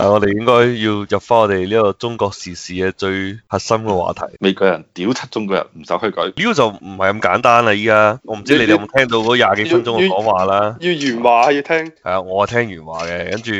啊、我哋應該要入翻我哋呢一個中國時事嘅最核心嘅話題。美國人屌七，中國人唔受規改。呢個就唔係咁簡單啦！依家我唔知你哋有冇聽到嗰廿幾分鐘嘅講話啦。要原話要聽。係啊，我係聽原話嘅，跟住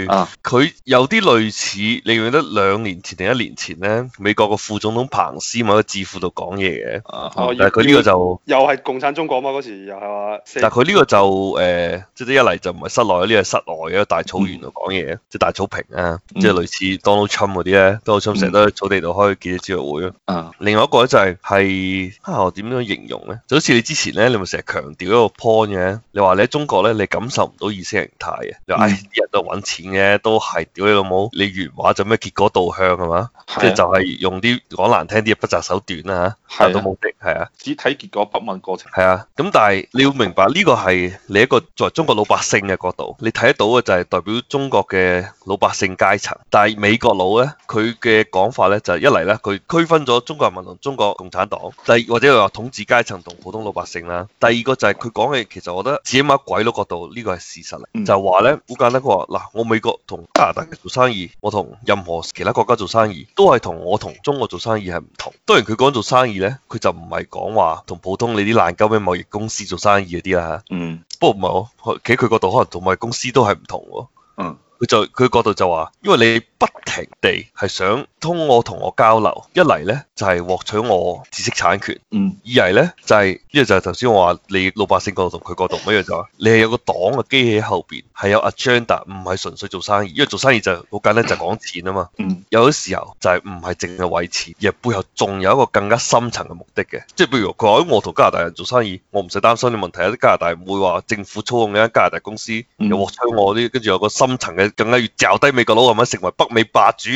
佢有啲類似，你記得兩年前定一年前咧？美國嘅副總統彭斯喺個智庫度講嘢嘅，啊啊、但係佢呢個就又係共產中國啊嘛！嗰時又係話？但係佢呢個就誒，即、呃、係、就是、一嚟就唔係室內，呢個係室外嘅大草原度講嘢，即係、嗯、大草坪啊。即係類似 Donald Trump 嗰啲咧，Donald Trump 成日都喺草地度開記者招待會、uh. 另外一個咧就係、是、係啊，我點樣形容咧？就好似你之前咧，你咪成日強調一個 point 嘅，你話你喺中國咧，你感受唔到意識形態嘅。你話唉，啲人、mm. 哎、都揾錢嘅，都係屌你老母，你原話就咩結果導向係嘛？啊、即係就係用啲講難聽啲嘅不擇手段啦嚇，達到目的係啊。啊啊只睇結果不問過程係啊。咁但係你要明白呢、呢個係你一個作為中國老百姓嘅角度，你睇得到嘅就係代表中國嘅老百姓階。但係美國佬咧，佢嘅講法咧就係一嚟咧，佢區分咗中國人民同中國共產黨，第二，或者佢話統治階層同普通老百姓啦。第二個就係佢講嘅，其實我覺得，起乜鬼佬角度呢個係事實嚟，就係話咧，好簡單，佢話嗱，我美國同加拿大做生意，我同任何其他國家做生意都係同我同中國做生意係唔同。當然佢講做生意咧，佢就唔係講話同普通你啲爛鳩嘅貿易公司做生意嗰啲啦。嗯。不過唔係，我企喺佢角度，可能同貿易公司都係唔同。嗯。佢就佢角度就話，因為你不停地係想通我同我交流，一嚟呢，就係獲取我知識產權，二嚟呢，就係，呢個就係頭先我話你老百姓角度同佢角度唔一樣就係，你係有個黨嘅機器喺後邊，係有 agenda，唔係純粹做生意，因為做生意就好簡單就講錢啊嘛，有啲時候就係唔係淨係為錢，而背後仲有一個更加深層嘅目的嘅，即係譬如佢話我同加拿大人做生意，我唔使擔心嘅問題，喺加拿大唔會話政府操控嘅加拿大公司又獲取我啲，跟住有個深層嘅。更加越嚼低美國佬，係咪成為北美霸主？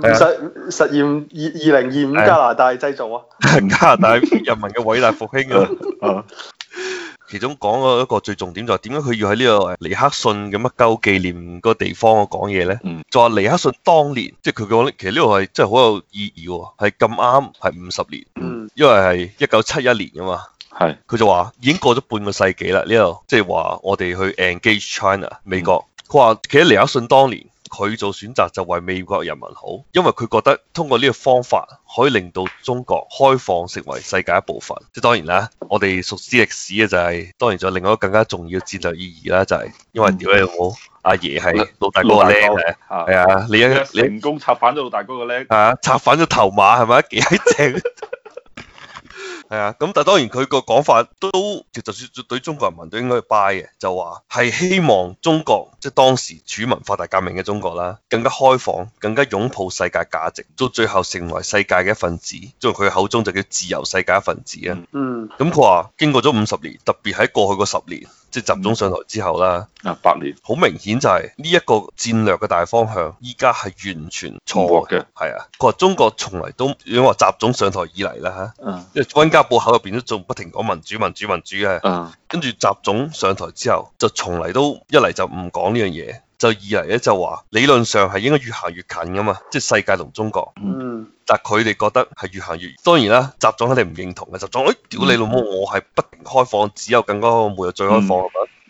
實實驗二二零二五加拿大製造啊！ 加拿大人民嘅偉大復興啊！ 其中講過一個最重點就係點解佢要喺呢個尼克遜咁乜鳩紀念個地方講嘢咧？就話、嗯、尼克遜當年，即係佢講，其實呢個係真係好有意義喎，係咁啱係五十年，因為係一九七一年啊嘛。係，佢是就話已經過咗半個世紀啦。呢度即係話我哋去 engage China，美國。佢話、嗯、其實尼克遜當年佢做選擇就為美國人民好，因為佢覺得通過呢個方法可以令到中國開放成為世界一部分。即係當然啦，我哋熟知歷史嘅就係、是，當然仲、就是、有另外一個更加重要嘅戰略意義啦，就係、是、因為屌、嗯、你我阿爺係老大哥個叻，係啊，你啊你成功插反咗老大哥個叻，啊，啊插反咗、啊、頭馬係咪？幾閪正？ 係啊，咁但係當然佢個講法都，其實對中國人民都應該去拜嘅，就話係希望中國即係、就是、當時主文化大革命嘅中國啦，更加開放，更加擁抱世界價值，到最後成為世界嘅一份子。即係佢口中就叫自由世界一份子啊。嗯、mm。咁佢話經過咗五十年，特別喺過去嗰十年。即係習總上台之後啦，啊八、嗯、年，好明顯就係呢一個戰略嘅大方向，依家係完全錯嘅。係啊，佢話中國從嚟都因為習總上台以嚟啦嚇，嗯，因為溫家寶口入邊都仲不停講民主、民主、民主嘅，嗯，跟住習總上台之後，就從嚟都一嚟就唔講呢樣嘢。就二嚟咧就話理論上係應該越行越近噶嘛，即係世界同中國。嗯。但係佢哋覺得係越行越，當然啦，習總肯定唔認同嘅。習總，哎，屌你老母！嗯、我係不停開放，只有更加無日最開放。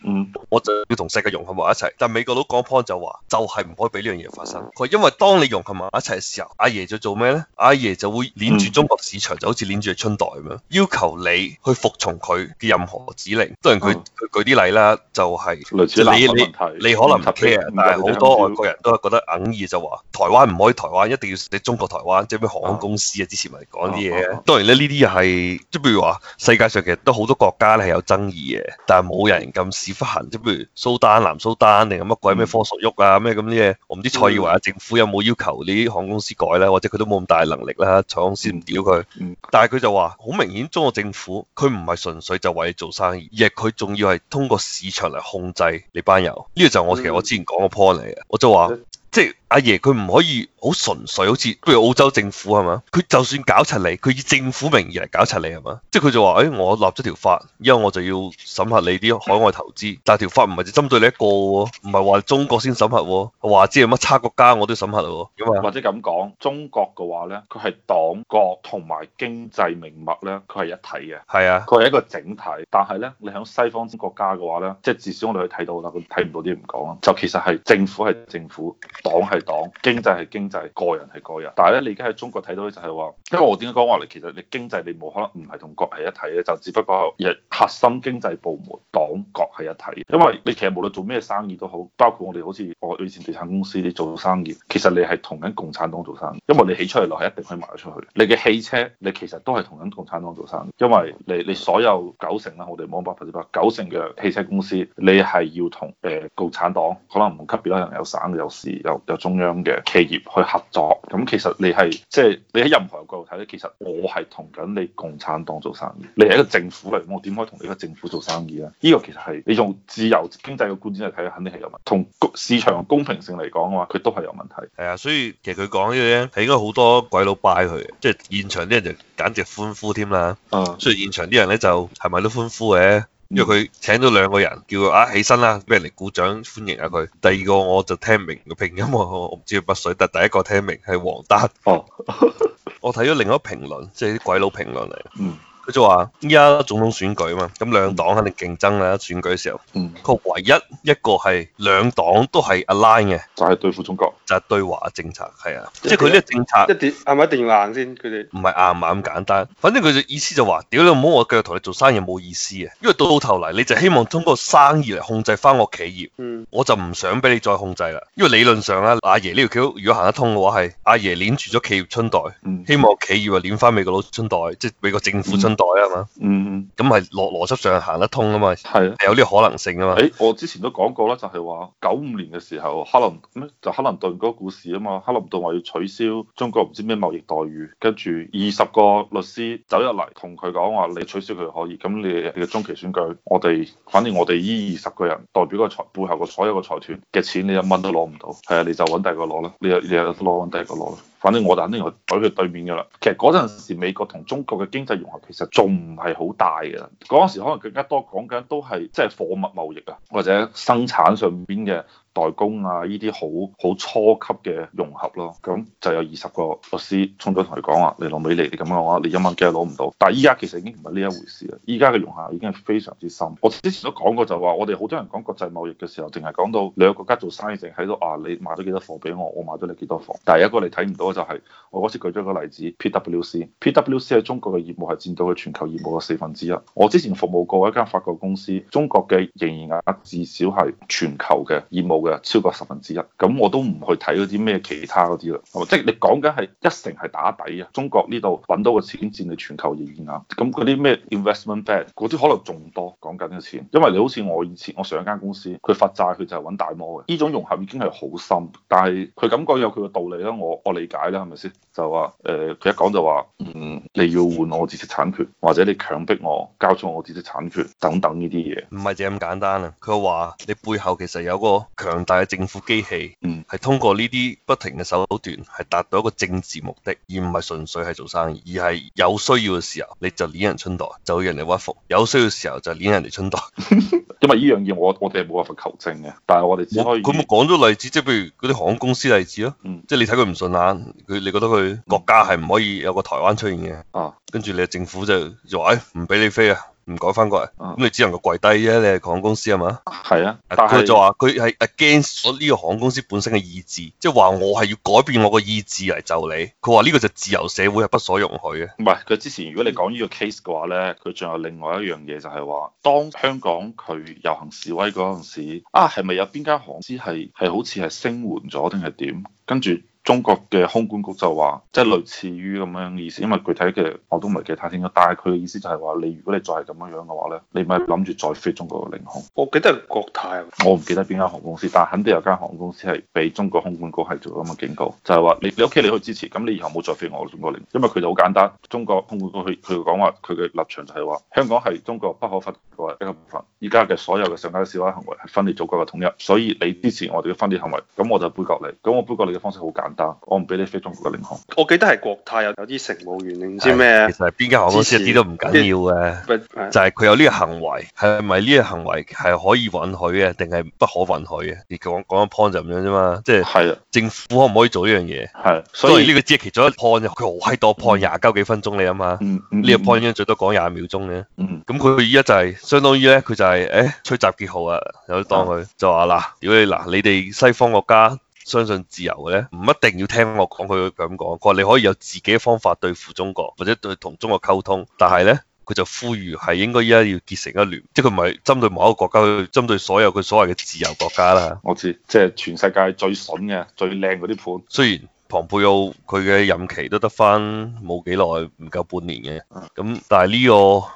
嗯， 我就要同世界融合埋一齊，但美國佬講 point 就話，就係唔可以俾呢樣嘢發生。佢、嗯嗯、因為當你融合埋一齊嘅時候，阿爺就做咩咧？阿爺就會捻住中國市場，嗯、就好似捻住春袋咁樣，要求你去服從佢嘅任何指令。當然佢佢、嗯、舉啲例啦、就是，就係類你,你,你可能唔 care 但係好多外國人都係覺得硬意就話，台灣唔可以台灣，一定要你中國台灣，即係咩航空公司啊，嗯、之前咪講啲嘢。嗯嗯嗯嗯嗯、當然咧，呢啲又係即譬如話，世界上其實都好多國家咧係有爭議嘅，但係冇人咁。發行即係譬如蘇丹、南蘇丹定係乜鬼咩科索沃啊，咩咁啲嘢，我唔知蔡耀華政府有冇要求呢啲航空公司改咧，或者佢都冇咁大能力啦，航空公司唔屌佢。嗯嗯、但係佢就話好明顯，中國政府佢唔係純粹就為你做生意，而係佢仲要係通過市場嚟控制你班油。呢個就係我其實我之前講個 point 嚟嘅，我就話即係。阿爺佢唔可以好純粹，好似譬如澳洲政府係嘛？佢就算搞柒你，佢以政府名義嚟搞柒你係嘛？即係佢就話，誒、哎、我立咗條法，因為我就要審核你啲海外投資。但係條法唔係只針對你一個喎，唔係話中國先審核，話之乜差國家我都審核喎。或者咁講，中國嘅話呢，佢係黨國同埋經濟命脈呢，佢係一體嘅。係是啊，佢係一個整體。但係呢，你喺西方國家嘅話呢，即係至少我哋去睇到啦，佢睇唔到啲唔講啦。就其實係政府係政府，黨係。黨經濟係經濟，個人係個人。但係咧，你而家喺中國睇到咧，就係話，因為我點解講話嚟？其實你經濟你冇可能唔係同國係一體嘅，就只不過係核心經濟部門黨國係一體。因為你其實無論做咩生意都好，包括我哋好似我以前地產公司你做生意，其實你係同緊共產黨做生意。因為你起出嚟落係一定可以賣出去。你嘅汽車，你其實都係同緊共產黨做生意。因為你你所有九成啦，我哋冇百分之百九成嘅汽車公司，你係要同誒、呃、共產黨可能唔同級別嘅人，有省有市有有中中央嘅企業去合作，咁其實你係即係你喺任何角度睇咧，其實我係同緊你共產黨做生意，你係一個政府嚟，我點可以同你一個政府做生意咧？呢、呢個其實係你用自由經濟嘅觀點嚟睇，肯定係有問。同市場公平性嚟講嘅話，佢都係有問題。係啊、嗯，所以其實佢講呢啲係應該好多鬼佬拜佢，即係現場啲人就簡直歡呼添啦。啊，所以現場啲人咧就係咪都歡呼嘅？因為佢請咗兩個人，叫佢啊起身啦，俾人嚟鼓掌歡迎下佢。第二個我就聽唔明個拼音啊，我唔知佢乜水，但第一個聽唔明係黃丹。哦，oh. 我睇咗另一個評論，即係啲鬼佬評論嚟。嗯。Mm. 佢就話依家總統選舉啊嘛，咁兩黨肯定競爭啦。選舉嘅時候，佢、嗯、唯一一個係兩黨都係 align 嘅，就係對付中國，就係對華政策係啊。即係佢呢個政策一點，一定係咪一定要硬先？佢哋唔係硬唔啱咁簡單，反正佢嘅意思就話：屌你，唔好我繼續同你做生意，冇意思啊！因為到頭嚟，你就希望通過生意嚟控制翻我企業。嗯，我就唔想俾你再控制啦。因為理論上咧，阿爺呢條橋如果行得通嘅話，係阿爺捻住咗企業春袋，嗯、希望企業啊捻翻美國佬春袋，即係美國政府春袋。嗯代啊嘛，嗯，咁係邏邏輯上行得通啊嘛，係是，有呢個可能性啊嘛。誒，我之前都講過啦，就係話九五年嘅時候，克林咩就克林頓嗰個故事啊嘛，克林頓話要取消中國唔知咩貿易待遇，跟住二十個律師走入嚟同佢講，話你取消佢可以，咁你你嘅中期選舉，我哋反正我哋呢二十個人代表個財，背後個所有嘅財團嘅錢，你一蚊都攞唔到，係啊，你就揾第二個攞啦，你又你又攞揾第二個攞啦。反正我就肯定我對佢對面嘅啦。其實嗰陣時美國同中國嘅經濟融合其實仲唔係好大嘅。嗰陣時可能更加多講緊都係即係貨物貿易啊，或者生產上邊嘅。代工啊，呢啲好好初級嘅融合咯，咁就有二十個律師衝咗同佢講話，你攞美利你咁嘅話，你一蚊雞攞唔到。但係依家其實已經唔係呢一回事啦，依家嘅融合已經係非常之深。我之前都講過就話，我哋好多人講國際貿易嘅時候，淨係講到兩個國家做生意，淨係喺度啊你買咗幾多貨俾我，我買咗你幾多貨。但係一個你睇唔到嘅就係、是，我嗰次舉咗個例子，PWC，PWC 喺中國嘅業務係佔到佢全球業務嘅四分之一。我之前服務過一間法國公司，中國嘅營業額至少係全球嘅業務，超過十分之一，咁我都唔去睇嗰啲咩其他嗰啲啦，即係你講緊係一成係打底啊，中國呢度揾到個錢佔你全球營業額，咁嗰啲咩 investment bank 嗰啲可能仲多講緊嘅錢，因為你好似我以前我上一間公司，佢發債佢就係揾大摩嘅，呢種融合已經係好深，但係佢感覺有佢嘅道理啦，我我理解啦，係咪先？就話誒，佢、呃、一講就話，嗯，你要換我知識產權，或者你強迫我交出我知識產權等等呢啲嘢，唔係隻咁簡單啊！佢話你背後其實有個強強大嘅政府機器，嗯，係通過呢啲不停嘅手段，係達到一個政治目的，而唔係純粹係做生意，而係有需要嘅時候，你就攆人春袋，就要人哋屈服；有需要嘅時候就攆人哋春袋，嗯、 因為呢樣嘢我我哋係冇辦法求證嘅，但係我哋只可以佢咪講咗例子，即係譬如嗰啲航空公司例子咯，即係、嗯、你睇佢唔順眼，佢你覺得佢國家係唔可以有個台灣出現嘅，哦、嗯，跟住你政府就就話，哎、唔俾你飛啊。唔改翻過嚟，咁、嗯、你只能夠跪低啫。你係航空公司係嘛？係啊，但佢就話佢係 against 我呢個航空公司本身嘅意志，即係話我係要改變我個意志嚟就你。佢話呢個就自由社會係不所容許嘅。唔係佢之前，如果你講呢個 case 嘅話咧，佢仲有另外一樣嘢就係話，當香港佢遊行示威嗰陣時，啊係咪有邊間航空公司係係好似係聲援咗定係點？跟住。中國嘅空管局就話，即係類似於咁樣嘅意思，因為具體嘅我都唔係幾記得清楚。但係佢嘅意思就係話，你如果你再係咁樣樣嘅話咧，你咪諗住再飛中國嘅領空。我記得國泰，我唔記得邊間航空公司，但係肯定有間航空公司係被中國空管局係做咁嘅警告，就係話你你屋企你可以支持，咁你以後冇再飛我中國領，因為佢哋好簡單。中國空管局佢佢講話，佢嘅立場就係話，香港係中國不可分割嘅一個部分。依家嘅所有嘅上街示威行為係分裂祖國嘅統一，所以你支持我哋嘅分裂行為，咁我就杯葛你。咁我杯葛你嘅方式好簡單。我唔俾你飛中國嘅領航。我記得係國泰有有啲乘務員你唔知咩啊？其實係邊間航空公司一啲都唔緊要嘅，就係佢有呢個行為，係咪呢個行為係可以允許嘅，定係不可允許嘅？你講講一 point 就咁樣啫嘛，即係政府可唔可以做呢樣嘢？係，所以呢個只係其中一 point，佢好閪多 point 廿鳩幾分鐘你啊嘛，呢個 point 最多講廿秒鐘嘅，咁佢依家就係相當於咧，佢就係誒吹集結號啊，有啲當佢就話嗱，屌你嗱，你哋西方國家。相信自由嘅咧，唔一定要聽我講，佢咁講，佢話你可以有自己嘅方法對付中國，或者對同中國溝通。但係咧，佢就呼籲係應該依家要結成一聯，即係佢唔係針對某一個國家，佢針對所有佢所謂嘅自由國家啦。我知，即係全世界最笋嘅、最靚嗰啲盤。雖然彭佩奧佢嘅任期都得翻冇幾耐，唔夠半年嘅，咁、嗯、但係呢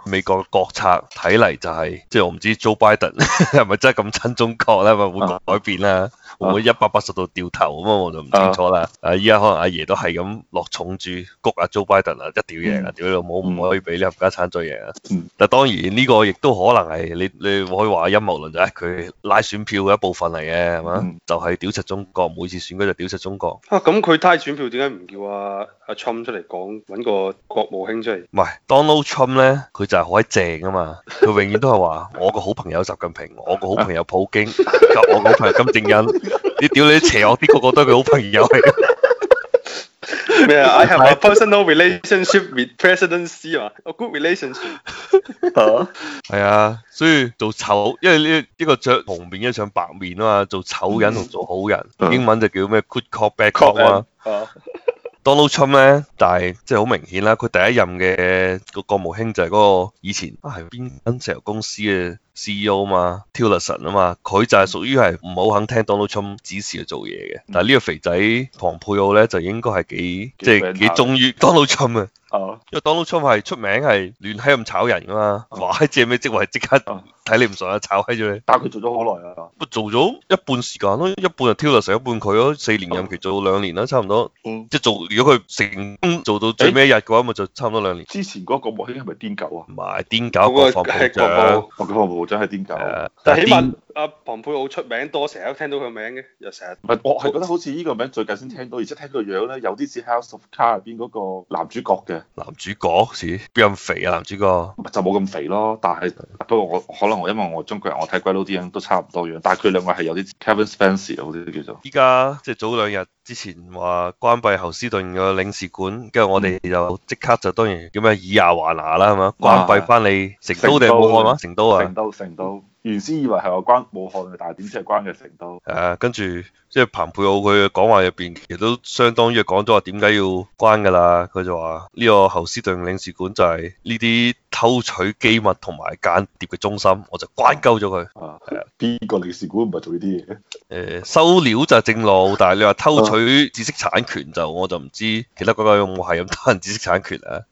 個美國嘅國策睇嚟就係、是，即係我唔知 Joe Biden 係 咪真係咁親中國咧，會唔會改變啦？嗯會唔會一百八十度掉頭咁啊？我就唔清楚啦。啊，依家可能阿爺都係咁落重注，谷阿 Joe Biden 啊，一屌贏啊，屌你老母，唔可以俾你冚家鏟再贏啊。嗯、但當然呢個亦都可能係你你可以話陰謀論就係佢拉選票嘅一部分嚟嘅，係嘛？嗯、就係屌柒中國，每次選舉就屌柒中國。咁佢拉選票點解唔叫阿、啊、阿、啊、Trump 出嚟講，搵個國務卿出嚟？唔係 Donald Trump 咧，佢就係可以正啊嘛，佢永遠都係話 我個好朋友習近平，我個好朋友普京，及 我個朋友金正恩。你屌你啲邪惡啲個個都係佢好朋友嚟，咩啊？I have a personal relationship with President Xi 啊，a good relationship。係啊，所以做醜，因為呢呢個上紅面，一上白面啊嘛，做醜人同做好人，英文就叫咩？Good cop bad cop 啊。Donald Trump 咧，但係即係好明顯啦，佢第一任嘅個國務卿就係嗰個以前啊係邊間石油公司嘅。C.E.O. 嘛，Tillerson 啊嘛，佢就係屬於係唔好肯聽 Donald Trump 指示去做嘢嘅。但係呢個肥仔彭佩奧咧就應該係幾即係幾忠於 Donald Trump 啊。哦。因為 Donald Trump 係出名係亂喺咁炒人噶嘛，話閪知係咩職位，即刻睇你唔順啦，炒閪咗你。但佢做咗好耐啊。佢做咗一半時間咯，一半係 Tillerson，一半佢咯，四年任期做兩年啦，差唔多。即係做，如果佢成功做到最尾一日嘅話，咪就差唔多兩年。之前嗰個莫希係咪癲狗啊？唔係癲狗，個真係點搞？但係起碼。阿彭佩奧好出名多，成日都聽到佢名嘅，又成日。唔係，我係覺得好似呢個名最近先聽到，而且聽個樣咧，有啲似《House of Cards》入邊嗰個男主角嘅。男主角？似邊咁肥啊？男主角。就冇咁肥咯，但係不過我可能我因為我中國人，我睇鬼佬啲人都差唔多樣，但係佢兩個係有啲 Kevin Spacey 嗰啲叫做。依家即係早兩日之前話關閉侯斯頓嘅領事館，跟住我哋就即刻就、嗯、當然叫咩以牙還牙啦，係嘛？關閉翻你成都定係武漢啊？成都啊。成都成都成都。原先以為係我關武漢嘅，但係點知係關嘅成都。係啊，跟住即係彭佩奧佢嘅講話入邊，其實都相當於講咗話點解要關㗎啦。佢就話呢、這個侯斯頓領事館就係呢啲偷取機密同埋間諜嘅中心，我就關鳩咗佢。啊，係啊，邊個領事館唔係做呢啲嘢嘅？誒、啊，收料就正路，但係你話偷取知識產權就我就唔知，其他國家有冇係咁偷人知識產權咧、啊？